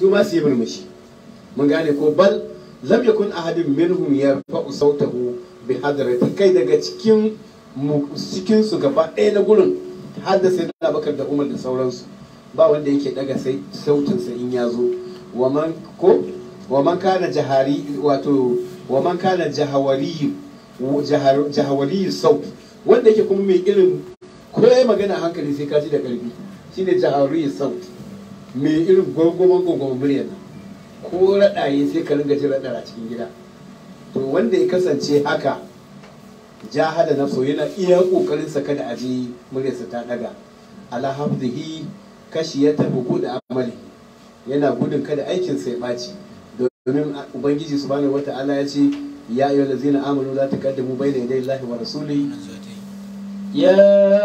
su ma su yi murmushi mun gane ko bal lam yakun ahadin minhum yarfa'u sautahu bi hadrati kai daga cikin cikin su gaba ɗaya na gurin har da sai na bakar da umar da sauransu ba wanda yake daga sai sautin sa in ya zo man ko man kana jahari wato man kana jahawari jahawari saut wanda yake kuma mai irin ko ya magana hankali sai ka ji da karfi shine jahawari saut Me irin gwangwaman gwangwaman muryar nan ko raɗaye sai ka ringa jin raɗar a cikin gida to wanda ya kasance haka jahada na soyayya yana iya ƙoƙarin sa kada a ji muryarsa ta ɗaga alhamdihi kashi ya tafi ko da amali yana gudun kada aikin sai ɓaci domin ubangiji subhanahu wata'ala ya ce ya ayyuhallazina amanu la taqaddamu bayna yaday Allahi wa rasulihi يا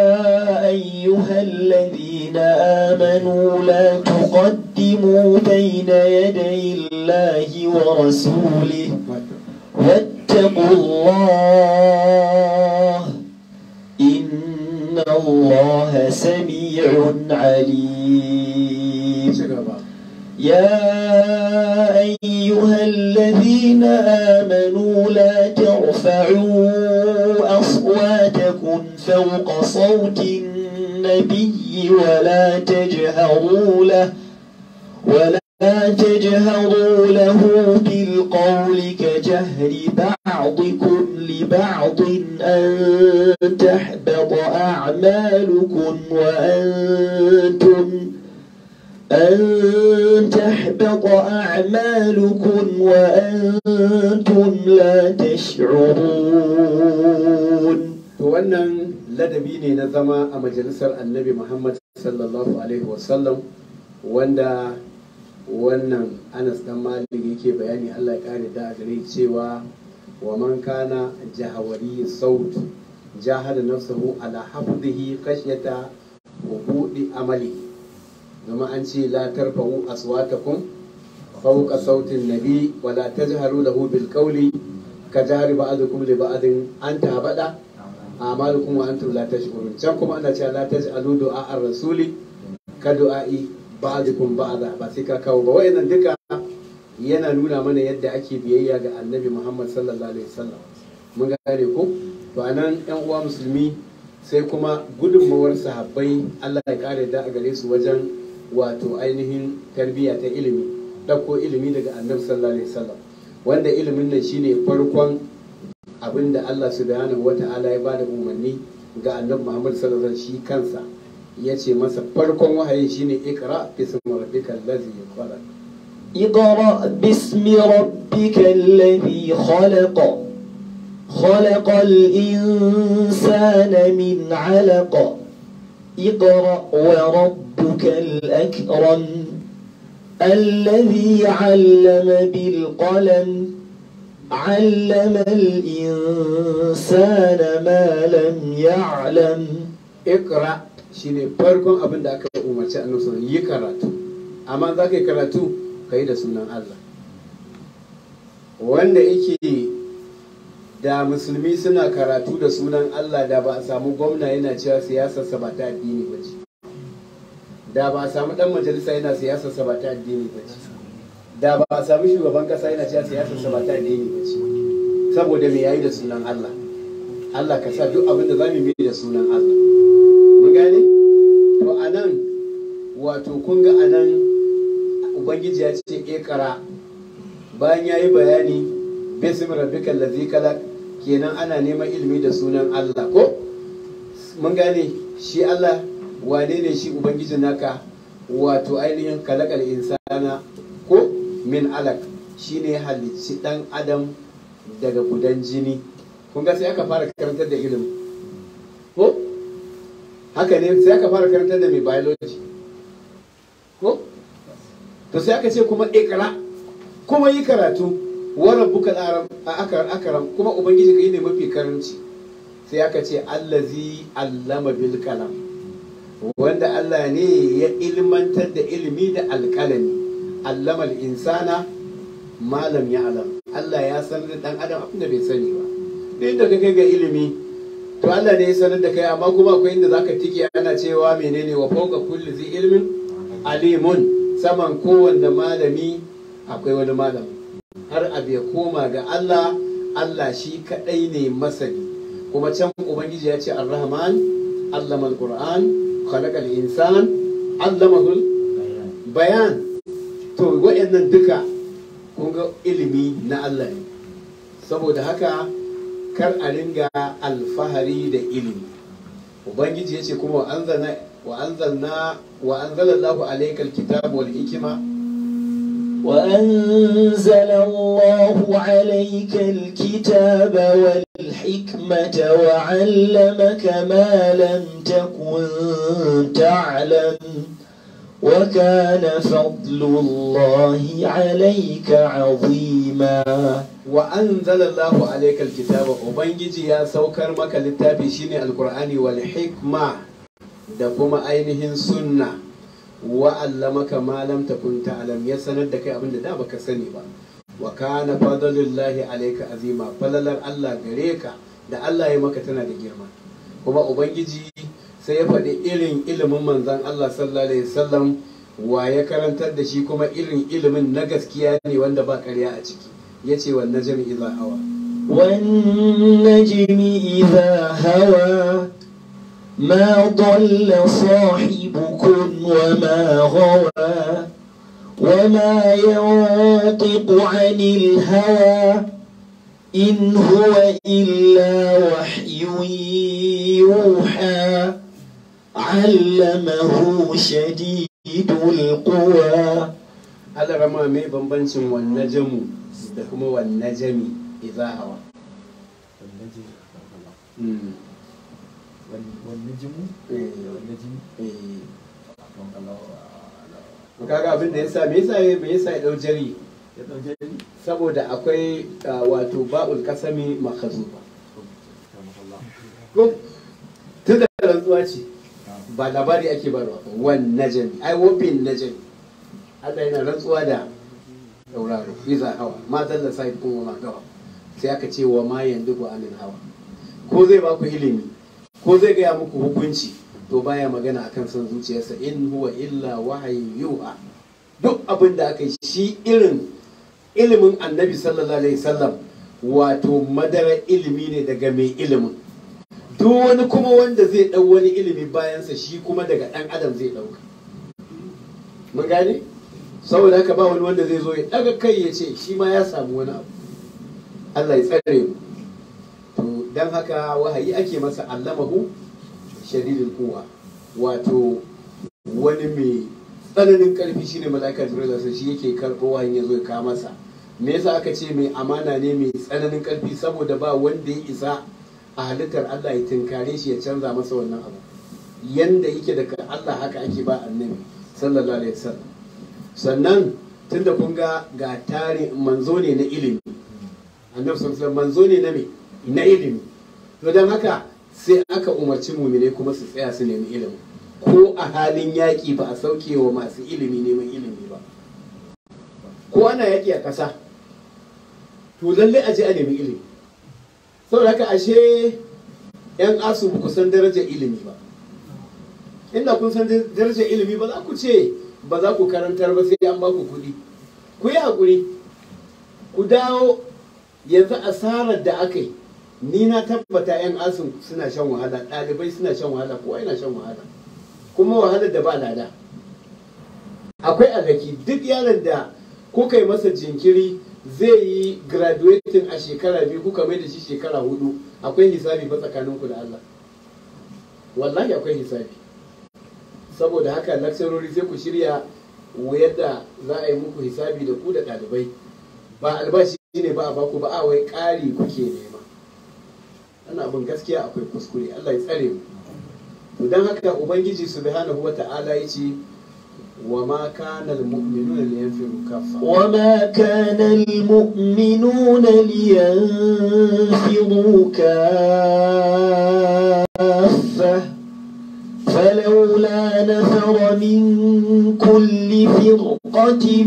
أيها الذين آمنوا لا تقدموا بين يدي الله ورسوله واتقوا الله إن الله سميع عليم يا أيها الذين آمنوا لا ترفعوا فوق صوت النبي ولا تجهروا له ولا تجهروا له بالقول كجهر بعضكم لبعض أن تحبط أعمالكم وأنتم أن تحبط أعمالكم وأنتم لا تشعرون to wannan ladabi ne na zama a majalisar annabi muhammad sallallahu alaihi wasallam wanda wannan anas dan malik yake bayani allah ya kare da gare cewa wa man kana jahawari saut jahada nafsahu ala hafdihi wa wuqudi amali zama an ce la tarfa'u aswatakum fawqa sautin nabi wa la tajharu lahu bil qawli ka jahri ba'dukum li ba'din anta habada amalukum wa antum la tashkurun can kuma ana cewa la taj'alu du'a ar-rasuli ka du'a'i ba'dukum ba'da ba sai ka kawo ba wayannan duka yana nuna mana yadda ake biyayya ga annabi Muhammad sallallahu alaihi wasallam mun gane ko to anan yan uwa musulmi sai kuma gudunmawar sahabbai Allah ya kare da a gare su wajen wato ainihin tarbiyya ta ilimi ɗauko ilimi daga annabi sallallahu alaihi wasallam wanda ilimin nan shine farkon abinda Allah wata ala ya bada umarni ga annabi Muhammad sallallahu shi kansa ya ce masa farkon wahayi shine ikra bismi rabbikal ladzi khalaq اقرأ باسم ربك الذي خلق خلق الإنسان من علق اقرأ وربك الأكرم الذي علم بالقلم علم الإنسان ما لم يعلم اقرأ shine farkon abin da aka umarci annabi sallallahu yi karatu amma za ka yi karatu ka yi da sunan Allah wanda yake da musulmi suna karatu da sunan Allah da ba a samu gwamna yana cewa siyasarsa ba ta addini ba ce da ba a samu dan majalisa yana siyasarsa ba ta addini ba da ba a sami shugaban kasa yana cewa siyasar sa ba ta da yi ba saboda me yayi da sunan Allah Allah ka sa duk abin da zamu yi da sunan Allah mun gane to anan wato kun ga anan ubangiji ya ce Ekara. bayan yayi bayani bismi rabbikal ladzi khalaq kenan ana neman ilimi da sunan Allah ko mun gane shi Allah wane ne shi ubangijin naka wato ainihin kalakal insana min alak shine halicci dan adam daga gudan jini kun ga sai aka fara karantar da ilimi ko haka ne sai aka fara karantar da mai biology ko to sai aka ce kuma ikra kuma yi karatu wa rabbuka a akara kuma ubangiji kai ne mafi karanci sai aka ce allazi allama bil kalam wanda Allah ne ya ilmantar da ilimi da alkalami allama insana malam ya alam Allah ya sanar da dan adam abin da bai sani ba duk inda ka kai ga ilimi to Allah ne ya sanar da kai amma kuma akwai inda ka tike ana cewa menene wa fawqa kulli zi ilmin alimun saman kowanne malami akwai wani malam har abu ya koma ga Allah Allah shi kadai ne masani kuma can ubangiji ya ce ar-rahman allama al-qur'an khalaqa insan allamahu bayan to wa'annan duka kun ga ilimi na Allah ne saboda haka kar a ringa alfahari da ilimi ubangiji ya ce kuma wa anzalna wa anzala Allahu alayka alkitaba wal hikma وأنزل الله عليك الكتاب والحكمة وعلمك ما لم تكن وكان فضل الله عليك عظيما وأنزل الله عليك الكتاب وبنجي يا سوكر مك للتابي شيني القرآن والحكمة دكما أينهن سنة وعلمك ما لم تكن تعلم يا سند دك أبن دابك سنبا وكان فضل الله عليك عظيما فلل الله غريك da Allah ya maka tana da girma kuma ubangiji sai ya faɗi irin ilimin manzan Allah sallallahu alaihi wasallam wa ya karantar da shi kuma irin ilimin na gaskiya ne wanda ba karya a ciki ya ce wannan jami'i za hawa والنجم إذا هوى ما ضل صاحبكم وما غوى وما ينطق عن الهوى إن هو إلا وحي يوحى علمه شديد القوى mai bambancin wannan jamu da kuma wannan jami idza hmm. eh. Eh. kaga abin da me yasa me yasa ya dau jari saboda akwai ah, wato ba'ul kasami makhazuba ko tunda rantsuwa ce ba labari ake ba wan najami ai wabin najami yana rantsuwa da tauraro iza hawa ma dalla sai wa ma gawa sai aka ce wa ma yandubu anin hawa ko zai ba ku ilimi ko zai gaya muku hukunci to baya magana akan san zuciyarsa in huwa illa wahayi yuha duk abin da aka shi irin ilimin annabi sallallahu alaihi wasallam wato madara ilimi ne daga mai ilimin duk wani kuma wanda zai ɗau wani ilimi bayansa shi kuma daga ɗan adam zai ɗauka mun gane saboda haka ba wani wanda zai zo ya ɗaga kai ya ce shi ma ya samu wani abu Allah ya tsare mu to dan haka wahayi ake masa allamahu shadidul quwa wato wani mai tsananin karfi shine malaika jibril sai shi yake karɓo wahayin ya zo ya kawo masa me yasa aka ce mai amana ne mai tsananin karfi saboda ba wanda ya isa a halittar Allah ya tunkare shi ya canza masa wannan abu yanda yake daga Allah haka ake ba annabi sallallahu alaihi wasallam sannan tunda kun ga ga tare manzo ne na ilimi annabi sallallahu manzo ne na me na ilimi to dan haka sai aka umarci mumine kuma su tsaya su nemi ilimi ko a halin yaƙi ba a sauke wa masu ilimi neman ilimi ba ko ana yaƙi a ƙasa to lallai a je a nemi ilimi saboda haka ashe yan asu ba ku san daraja ilimi ba inda kun san darajar ilimi ba za ku ce ba za ku karantar ba sai an ba ku kuɗi ku yi haƙuri ku dawo yanzu asarar da aka yi ni na tabbata 'yan asin suna shan wahala ɗalibai suna shan wahala kowa yana shan wahala kuma wahalar da ba lada akwai alhaki duk yaron da kuka kai masa jinkiri zai yi graduatin a shekara biyu kuka mai da shi shekara hudu akwai hisabi ba tsakaninku da Allah wallahi akwai hisabi saboda haka lakcarori sai ku shirya yadda za a yi muku hisabi da ku da ɗalibai ba albashi ne ba a baku ba a wai ƙari kuke nema ana abin gaskiya akwai kuskure Allah ya tsare mu to don haka ubangiji subhanahu wa ta'ala ya ce وما كان المؤمنون لينفروا كافة وما كان المؤمنون لينفروا كافة فلولا نفر من كل فرقة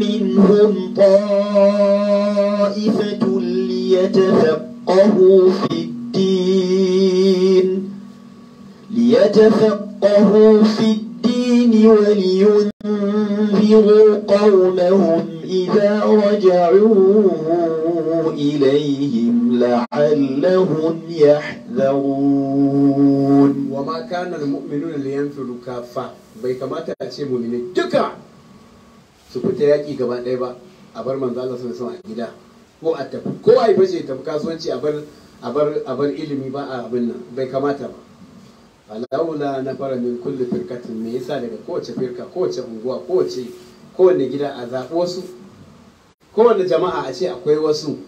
منهم طائفة ليتفقهوا في الدين ليتفقهوا في الدين ولينذروا قومهم إذا رجعوا إليهم لعلهم يحذرون وما كان المؤمنون لينفروا كافة bai kamata a ce mumini duka su fita yaƙi gaba ɗaya ba a bar manzo Allah sun a gida ko a tafi ko a yi fashe tafi kasuwanci a bar ilimi ba a abin nan bai kamata ba alaula na fara min kulle firkatin me yasa daga kowace firka kowace unguwa kowace kowane gida a zaɓo su kowane jama'a a ce akwai wasu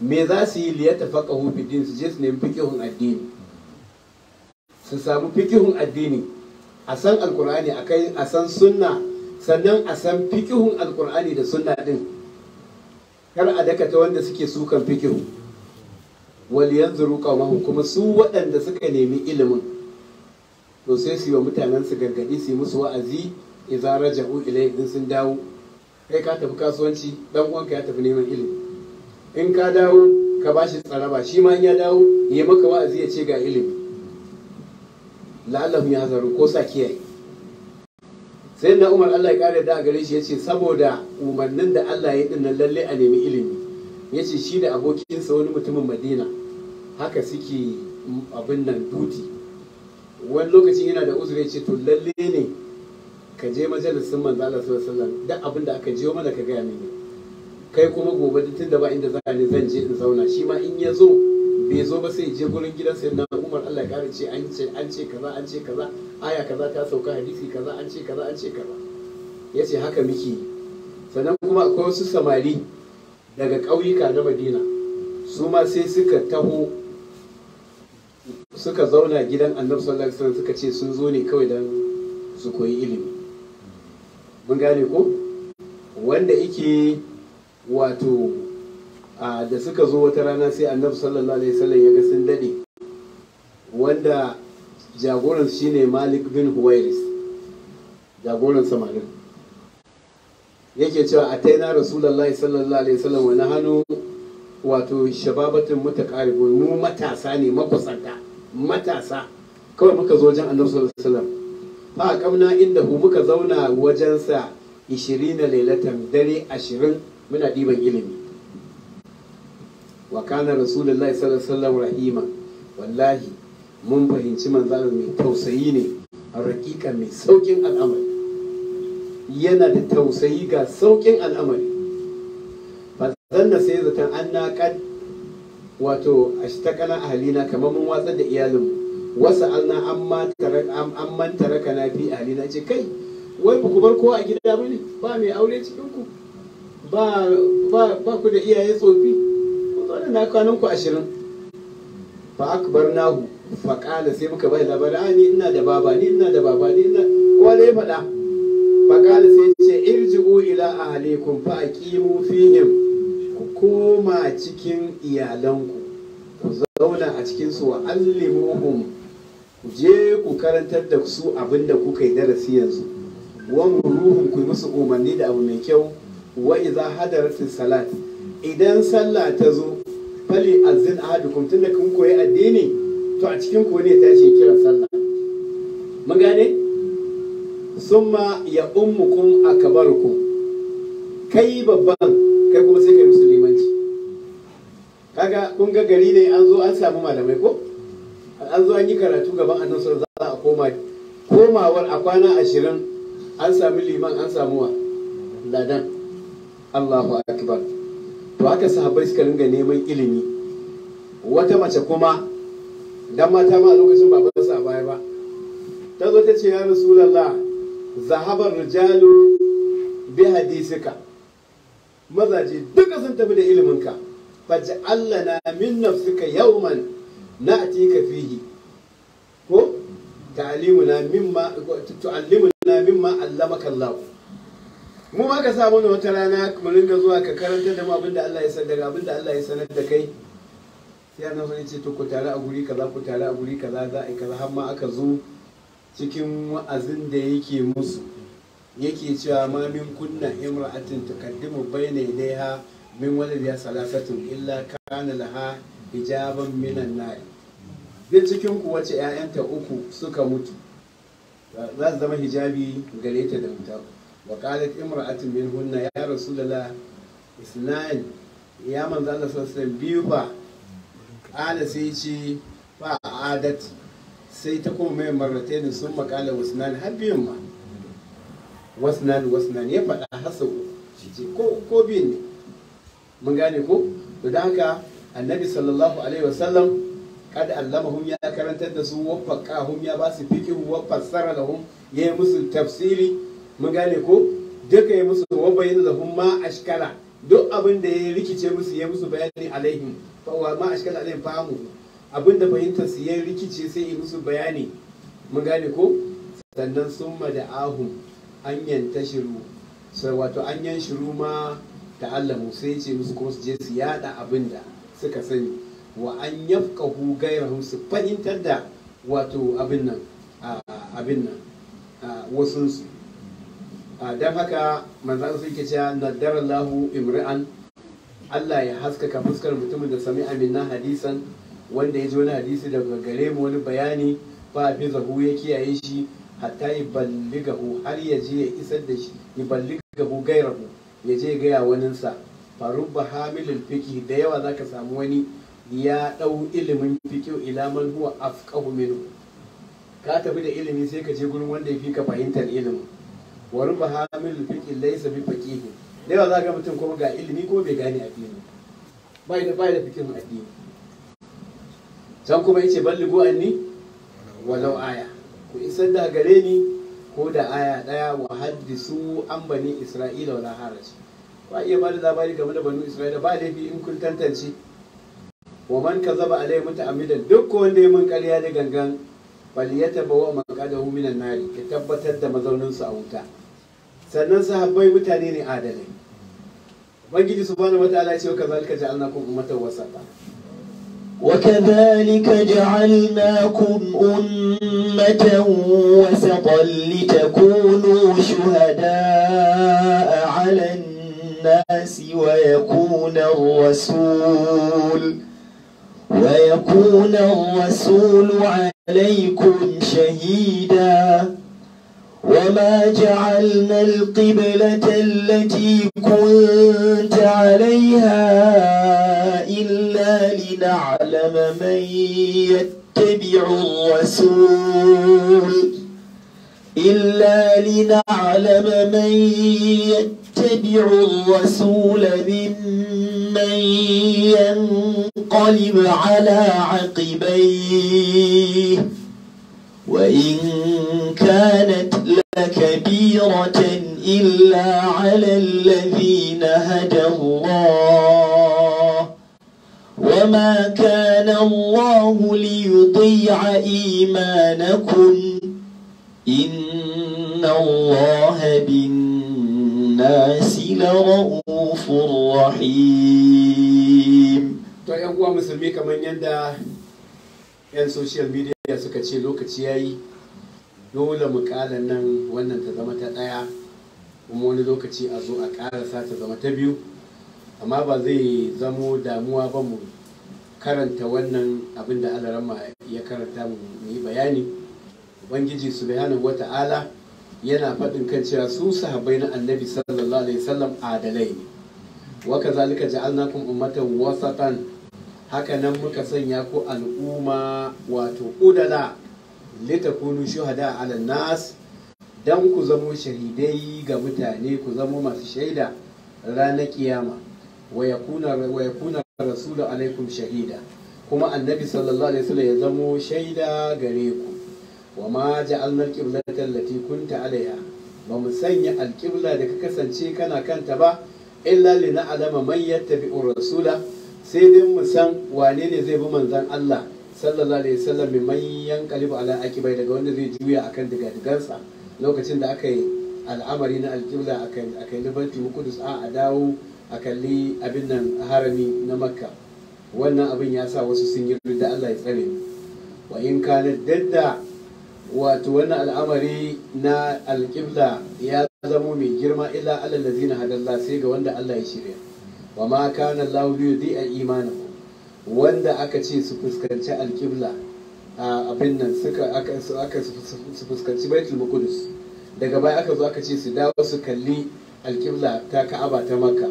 me za su yi liyata faka hufidin su je su nemi fikihun addini su samu fikihun addini a san alkur'ani a kai a san sunna sannan a san fikihun alkur'ani da suna din kar a dakata wanda suke sukan fikihu wal yanzuru kuma su waɗanda suka nemi ilimin to sai su yi wa mutanen su gargaɗi su yi musu wa'azi idza raja'u ilai in sun dawo kai ka tafi kasuwanci dan uwanka ya tafi neman ilimi in ka dawo ka bashi tsaraba shi ma in ya dawo ya maka wa'azi ya ce ga ilimi la'allahu ya zaru ko sa kiyaye sai na umar allah ya kare da gare shi ya ce saboda umarnin da allah ya dinnan lalle a nemi ilimi ya ce shi da abokinsa wani mutumin madina haka suke abin nan duti wani lokacin yana da uzuri ce to lalle ne ka je majalisin manzo Allah sallallahu alaihi wasallam duk abin da aka je mana ka gaya mini kai kuma gobe tun da ba inda za ni zan je in zauna shi ma in ya zo bai zo ba sai je gurin gidan sai na Umar Allah ya ce an ce an ce kaza an ce kaza aya kaza ta sauka hadisi kaza an ce kaza an ce kaza yace haka miki sannan kuma akwai wasu samari daga ƙauyuka na Madina su ma sai suka taho suka zauna gidan annabi sallallahu alaihi wasallam suka ce sun zo ne kawai don su koyi ilimi mun gane ko wanda yake wato da suka zo wata rana sai annabi sallallahu alaihi wasallam ya ga sun dade wanda jagoran shine malik bin huwairis jagoran samarin yake cewa a taina rasulullahi sallallahu alaihi wasallam wani hannu wato shababatin mutakaribun mu matasa ne makusanta matasa kawai muka zo wajen annabi sallallahu alaihi wasallam fa kamna inda hu muka zauna wajensa 20 lailatan dare 20 muna diban ilimi wa kana rasulullahi sallallahu alaihi wasallam rahima wallahi mun fahimci manzon mai tausayi ne a raƙiƙa mai saukin al'amari yana da tausayi ga saukin al'amari fa zanna sai zatan anna kad wato a Halina kamar mun watsar da iyalin wasu alna an mantara kana fi Halina ce kai wai ba ku bar kowa a gida ba ne ba mai aure cikinku ba ku da iyaye tsofi ku zo da na kwanan ku ashirin fa akbar nahu fa kala sai muka bai labari a ah, ni ina da baba ni ina da baba ni ina kowa da ya faɗa fa kala sai ce irji'u ila ahlikum fa aqimu fihim koma cikin iyalanku ku zauna a cikinsu wa allimuhum ku je ku karantar da su abin da kuka yi darasi yanzu Wani ruhun ku musu umarni da abu mai kyau wa idza hadaratis salat idan sallah ta zo fali azin ahadukum tunda kun koyi addini to a cikin ku ne tashi kiran sallah mun gane summa ya ummukum akbarukum kai babban kai kuma sai kai musulmi kaga kun ga gari ne an zo an samu malamai ko an zo an yi karatu gaban annabi za a koma komawar a kwana ashirin an samu liman an samu wa ladan Allahu akbar to haka sahabbai suka ringa neman ilimi wata mace kuma dan mata ma a lokacin ba a baya ba ta zo ta ce ya rasulallah zahabar rijalu bi hadisika mazaje duka sun tafi da iliminka faj'al min nafsika yawman na'tika fihi ko ta'limuna mimma tu'allimuna mimma 'allamaka Allah mu ma ka sa samu wata rana mu ringa zuwa ka karanta da mu abinda Allah ya san daga abinda Allah ya sanar da kai sai annabi ya ce to ku tare a guri kaza ku tare a guri kaza za a yi kaza har ma aka zo cikin wa'azin da yake musu yake cewa ma min kunna imra'atin tuqaddimu bayna yadayha min waladiya salasatun illa kana laha hijaban minan nari duk cikin ku wace ƴaƴanta uku suka mutu za su zama hijabi gare ta da wuta wa qalat imra'atun minhunna ya rasulullah isnan ya manzo Allah sallallahu biyu ba ala sai ce fa adat sai ta kuma mai ne sun makala wasnan har biyun ma wasnan wasnan ya faɗa hasa ko ko biyun ne mun gane ko to da haka annabi sallallahu alaihi wasallam kad allamahum ya karantar da su waffaqahum ya ba su fiqh wa fassara lahum yi musu tafsiri mun gane ko duka ya musu wa bayyana lahum ma ashkala duk abin da ya rikice musu ya musu bayani alaihim fa wa ma ashkala alaihim fahimu abin da fahimtar su ya rikice sai ya musu bayani mun gane ko sannan summa da ahum an yantashiru sai wato an yan shiru ma ta'allamu sai ce musu kuma su je su yada abin da suka sani wa an yafqahu gairahu su fahimtar da wato abin nan abin nan wasun su dan haka manzon sun ke cewa nadarallahu imran Allah ya haskaka fuskar mutumin da sami amina hadisan wanda ya ji wani hadisi daga gare mu wani bayani ba fi zahu ya kiyaye shi hatta yi balligahu har ya je ya isar da shi yi balligahu gairahu ya je gaya waninsa faruk ba hamilul fiki da yawa za ka samu wani ya ɗau ilimin fikiyo ila man huwa afqahu minhu ka tafi da ilimi sai ka je gurin wanda ya fi ka fahimtar ilimin wa rubba hamilul fiqi laysa bi faqihi da yawa za ga mutum kuma ga ilimi ko bai gane addini bai da bai da fikin addini can kuma yace ballighu anni walau aya ku isar da gare ni ko da aya daya wa haddisu an bani isra'ila wala haraj ba iya ba da labari game da banu isra'ila ba laifi in kun tantance wa man kazaba alaihi muta'ammidan duk wanda ya mun ƙarya da gangan bal wa maqadahu minan nari ya tabbatar da mazaunin su a wuta sannan sahabbai mutane ne adalai ubangiji subhanahu wataala ya ce kazalika ja'alnakum ummatan wasata وكذلك جعلناكم أمة وسطا لتكونوا شهداء على الناس ويكون الرسول ويكون الرسول عليكم شهيداً وما جعلنا القبلة التي كنت عليها إلا لنعلم من يتبع الرسول إلا لنعلم من يتبع الرسول ممن ينقلب على عقبيه وإن كان كبيرة إلا على الذين هدى الله وما كان الله ليضيع إيمانكم إن الله بالناس لرؤوف رحيم to yan uwa musulmi kamar yadda yan social suka ce lokaci yayi dole mu kala nan wannan ta zama ta ɗaya kuma wani lokaci a zo a ƙarasa ta zama ta biyu amma ba zai zamo damuwa ba mu karanta wannan abin da alarama ya karanta mu yi bayani ubangiji subhanahu wata'ala yana faɗin kan cewa su sahabbai na annabi sallallahu alaihi wasallam adalai ne wa kazalika ja'alnakum ummatan wasatan haka nan muka sanya ko al'umma wato udala litakunu shuhada ala nas dan ku zamo shahidai ga mutane ku zamo masu shaida ranar kiyama wa yakuna rasulu alaikum shahida kuma annabi sallallahu alaihi wasallam ya zamo shaida gare ku wa ma ja'alna alqiblata allati kunta alaiha ba mu sanya alqibla da ka kasance kana kanta ba illa alama alama man yattabi'ur rasula sai dai mu san wane ne zai bi manzan Allah sallallahu alaihi wasallam mai manyan kalibu ala akibai daga wanda zai juya akan digadigansa lokacin da aka yi al'amari na alƙibla a kai libanti kudus a a dawo a kalli abin nan harami na makka wannan abin ya sa wasu sun yi da allah ya tsare wa in kana dadda wato wannan al'amari na alƙibla ya zamo mai girma illa allah zina hadalla sai ga wanda allah ya shirya wa ma kana lahu zai a imanahu wanda aka ce su fuskanci alƙibla a abin nan suka aka su fuskanci baitul maqdis daga baya aka zo aka ce su dawo su kalli alƙibla ta ka'aba ta makka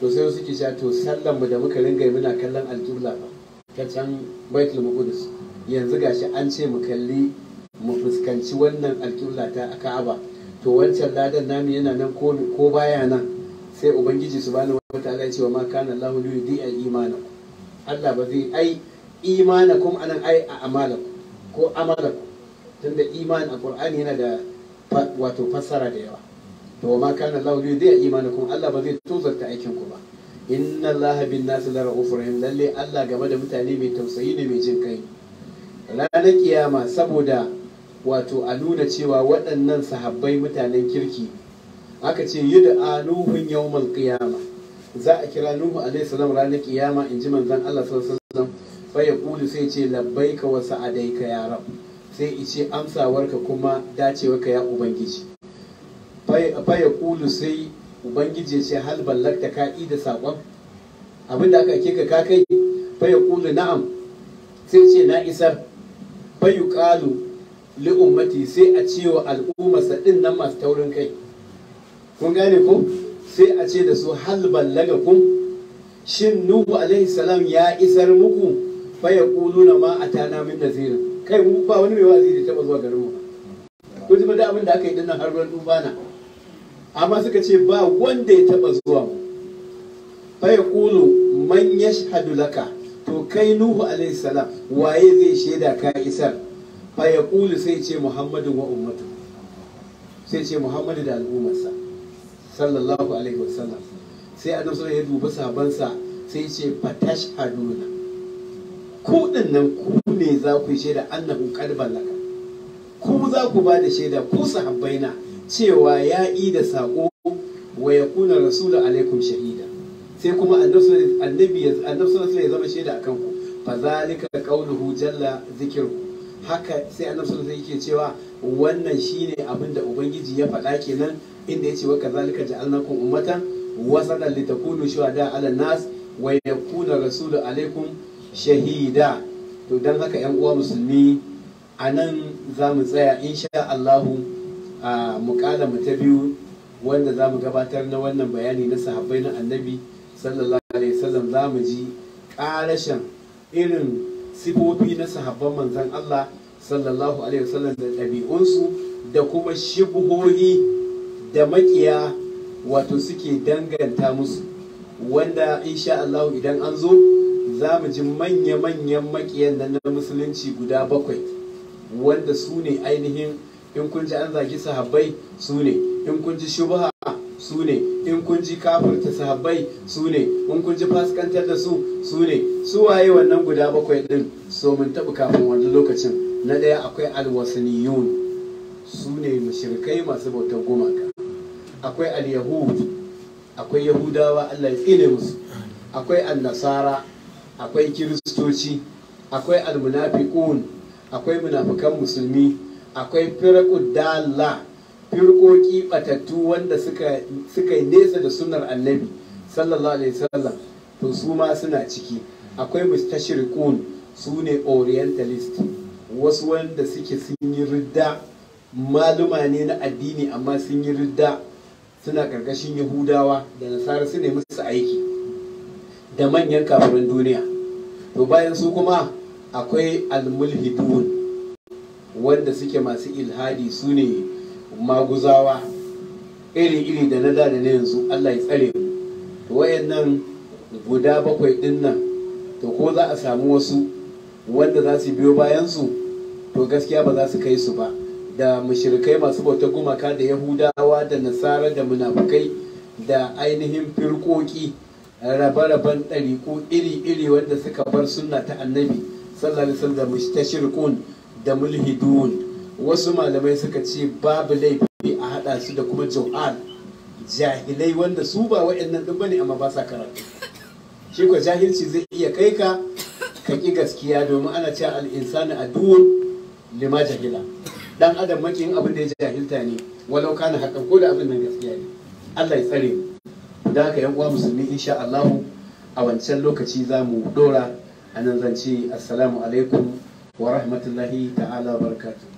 to sai suke cewa to sallan mu da muka ringa muna kallon alƙibla ba. ta can baitul maqdis yanzu gashi an ce mu kalli mu fuskanci wannan alƙibla ta ka'aba to wancan ladan namu yana nan ko baya nan sai ubangiji subhanahu wataala ya ce wa ma kana Allahu yudi al-imanakum Allah ba zai ai imanakum anan ai a amalakum ko amalakum tunda iman a Qur'ani yana da wato fassara da yawa to wa ma kana Allah zai imanakum Allah ba zai tozarta aikin ku ba inna Allah bin nasu la ra'ufur lalle Allah game da mutane mai tausayi ne mai jin kai ranar kiyama saboda wato a nuna cewa waɗannan sahabbai mutanen kirki aka ce yi da anuhun yawmal ƙiyama. za a kira nuhu alaihi salam ranar kiyama in ji manzon Allah sallallahu alaihi wasallam fa ya kulu sai ce labbaika wa sa'adaika ya rab sai ice amsawarka kuma dacewarka ya ubangiji fa ya kulu sai ubangiji ce hal ballakta ka da saƙon abin da aka kika ka kai fa ya kulu na'am sai ce na isar fa yuqalu li ummati sai a cewa al'ummarsa din nan masu taurin kai kun gane ko sai a ce da su hal lagakun kun shin nuhu alaihi salam ya isar muku fa na ma a tana min nazirin kai mu ba wani mai wazi da taba zuwa garin mu ko ji da abin da aka yi dinnan har ruwan dubana amma suka ce ba wanda ya taba zuwa mu fa yaqulu man yashhadu laka to kai nuhu alaihi salam waye zai shaida ka isar fa yaqulu sai ce muhammadu wa ummatu sai ce muhammadu da al'ummarsa sallallahu alaihi wasallam sai annabi sallallahu ya dubi sabansa sai ce fatash haduna ku nan ku ne za ku yi shaida annahu qad laka ku za ku ba da shaida ku sahabbaina cewa ya yi da sako wa yakuna rasulu alaikum shahida sai kuma annabi annabi ya zama shaida akan ku fa zalika qawluhu jalla zikru haka sai annabi sallallahu alaihi yake cewa wannan shine abin da ubangiji ya faɗa kenan inda yace wa kazalika ja'alnakum ummatan wasadan litakunu shuhada 'ala nas wa yakuna rasulu alaikum shahida to dan haka yan uwa musulmi a nan za mu tsaya insha Allahu a mu ta biyu wanda za mu gabatar na wannan bayani na sahabbai na annabi sallallahu alaihi wasallam za mu ji ƙarashin irin sifofi na sahabban manzan Allah sallallahu alaihi wasallam da ɗabi'unsu da kuma shibuhohi da makiya wato suke danganta musu wanda insha Allah idan an zo za mu ji manya-manyan makiyan nan na musulunci guda bakwai wanda su ne ainihin in kun ji an zagi sahabbai su ne in kun ji shubha su ne in kun ji kafirta sahabbai su ne in kun ji fasikantar da su su ne su waye wannan guda bakwai din so mun taɓa kafin wani lokacin na ɗaya akwai alwasaniyun su ne mashirkai masu bautar gumaka akwai alyahud akwai yahudawa allah ya tsine musu akwai annasara akwai kiristoci akwai almunafiqun akwai munafikan musulmi akwai firqud firkoki batattu wanda suka yi nesa da sunar annabi sallallahu alaihi wasallam to su ma suna ciki akwai mustashriqun su ne orientalist wasu wanda suke sun yi ridda maluma ne na addini amma sun yi ridda suna karkashin yahudawa da nasara su ne musu aiki da manyan kafirin duniya to bayan su kuma akwai almulhidun wanda suke masu ilhadi su ne maguzawa iri-iri da na da na yanzu Allah ya tsare mu to wayannan guda bakwai din nan to ko za a samu wasu wanda za su biyo bayan su to gaskiya ba za su kai su ba da mushrikai masu bautar gumaka da yahudawa da nasara da munafukai da ainihin firkoki rabe-raben ɗariƙo iri-iri wanda suka bar sunna ta annabi sallallahu alaihi wasallam da mushtashirkun da mulhidun wasu malamai suka ce babu laifi a haɗa su da kuma Jauar jahilai wanda su ba wa'annan ɗin bane amma ba sa karatu shi ko jahilci zai iya kai ka ka ƙi gaskiya domin ana cewa al'insani a duwun lima jahila dan adam makin abin da ya jahilta ne walau kana haƙan ko da abin nan gaskiya ne Allah ya tsare mu da haka yan uwa musulmi insha Allah a wancan lokaci za mu dora a nan zan ce assalamu alaikum wa rahmatullahi ta'ala barakatuh